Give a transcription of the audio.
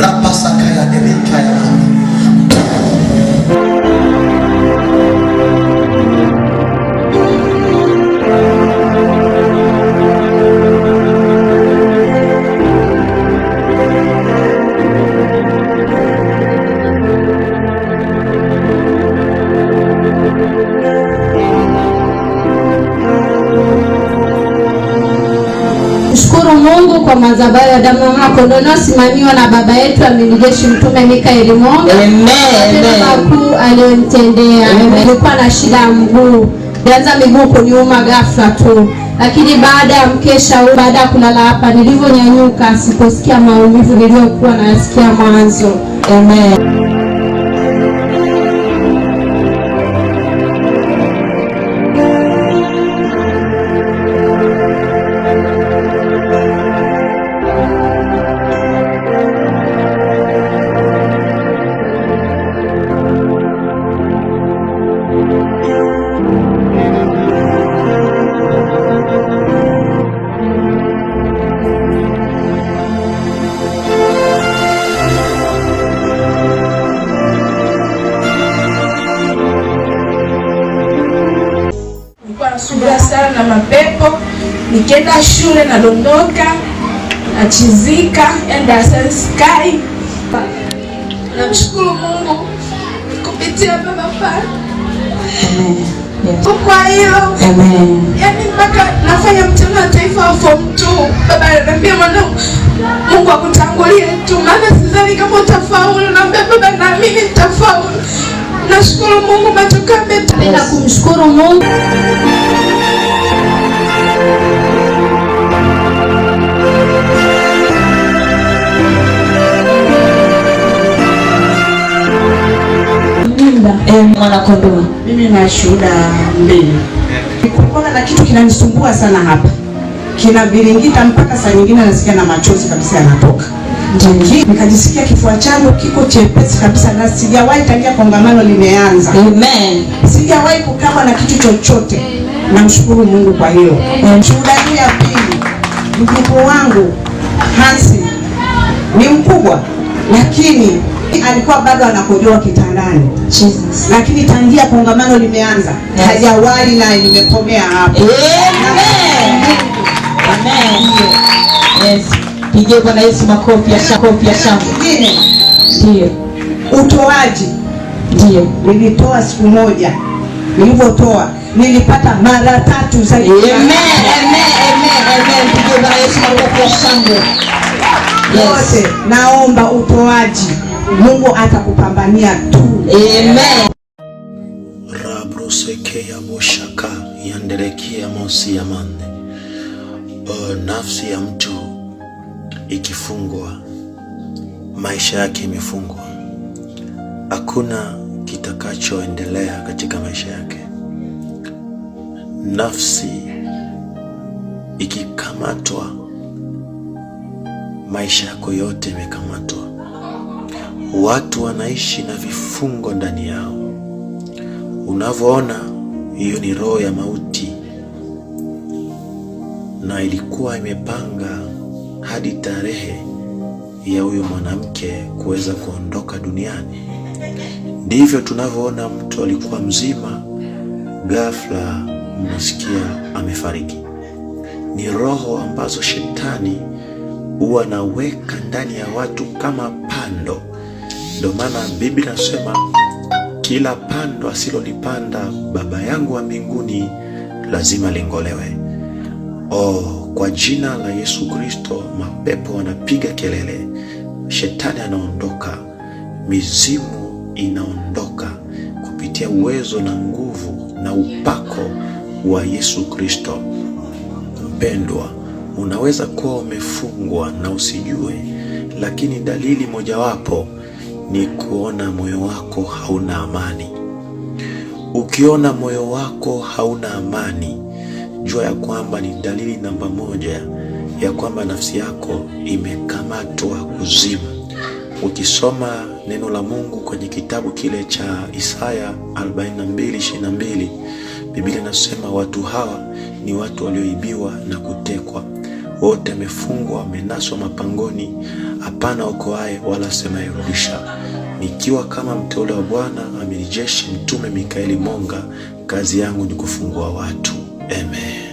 Rapasakaya, ya delika kwa madhabahu ya damu yako mwanakondoo na baba yetu amiri jeshi mtume Mikaeli Monga. Makuu aliyomtendea alikuwa na shida ya mguu, alianza miguu kuniuma ghafla tu, lakini baada ya mkesha huu, baada ya kulala hapa, nilivyonyanyuka sikusikia maumivu niliyokuwa nasikia mwanzo. Amen. nasumbuliwa sana na mapepo, nikienda shule nadondoka, nachizika, yani darasani sikai. Namshukuru Mungu kupitia Baba Fara kwa hiyo yani, mpaka nafanya mtihani wa taifa wa form 2, baba ananiambia mwanangu, Mungu akutangulie tu, maana sidhani kama utafaulu. Naambia baba, naamini nitafaulu. Nashukuru Mungu matokeo mema. Kumshukuru Mungu. Eh, mimi na shuhuda mbili. na kitu kinanisumbua sana hapa, kinaviringita mpaka saa nyingine nasikia na machozi kabisa yanatoka. Nikajisikia kifua changu kiko chepesi kabisa, na sijawahi tangia kongamano limeanza. Amen. Sijawahi kukaa na kitu chochote. Namshukuru Mungu kwa hiyo. Shuhuda ya pili, mjukuu wangu Hansi ni mkubwa, lakini alikuwa bado anakojoa kitandani Jesus. Lakini tangia kongamano limeanza yes. Hajawali na nimekomea hapo. Amen. Amen. Amen. Yes. Pigie Bwana Yesu makofi ya shangwe ya shangwe. Ndio. Utoaji. Ndio. Nilitoa siku moja. Nilivyotoa nilipata mara tatu zaidi. Amen. Amen. Amen. Amen. Pigie Bwana Yesu makofi ya shangwe. Yes. Yote, naomba utoaji. Mungu atakupambania tu. Amen. Rabroseke ya boshaka yanderekia mosi ya mande. Uh, oh, nafsi ya mtu ikifungwa, maisha yake imefungwa, hakuna kitakachoendelea katika maisha yake. Nafsi ikikamatwa, maisha yako yote imekamatwa. Watu wanaishi na vifungo ndani yao. Unavyoona, hiyo ni roho ya mauti na ilikuwa imepanga hadi tarehe ya huyo mwanamke kuweza kuondoka duniani. Ndivyo tunavyoona mtu alikuwa mzima, ghafla mnasikia amefariki. Ni roho ambazo shetani huwa anaweka ndani ya watu kama pando. Ndio maana Biblia nasema kila pando asilolipanda Baba yangu wa mbinguni lazima lingolewe. Oh, kwa jina la Yesu Kristo, mapepo wanapiga kelele, shetani anaondoka, mizimu inaondoka kupitia uwezo na nguvu na upako wa Yesu Kristo. Mpendwa, unaweza kuwa umefungwa na usijue, lakini dalili mojawapo ni kuona moyo wako hauna amani. Ukiona moyo wako hauna amani jua ya kwamba ni dalili namba moja ya kwamba nafsi yako imekamatwa kuzimu. Ukisoma neno la Mungu kwenye kitabu kile cha Isaya 42:22, Biblia inasema watu hawa ni watu walioibiwa na kutekwa, wote wamefungwa, wamenaswa mapangoni, hapana okoaye wala asemaye rudisha. Nikiwa kama mteule wa Bwana, amiri jeshi mtume Mikaeli Monga, kazi yangu ni kufungua watu Amém.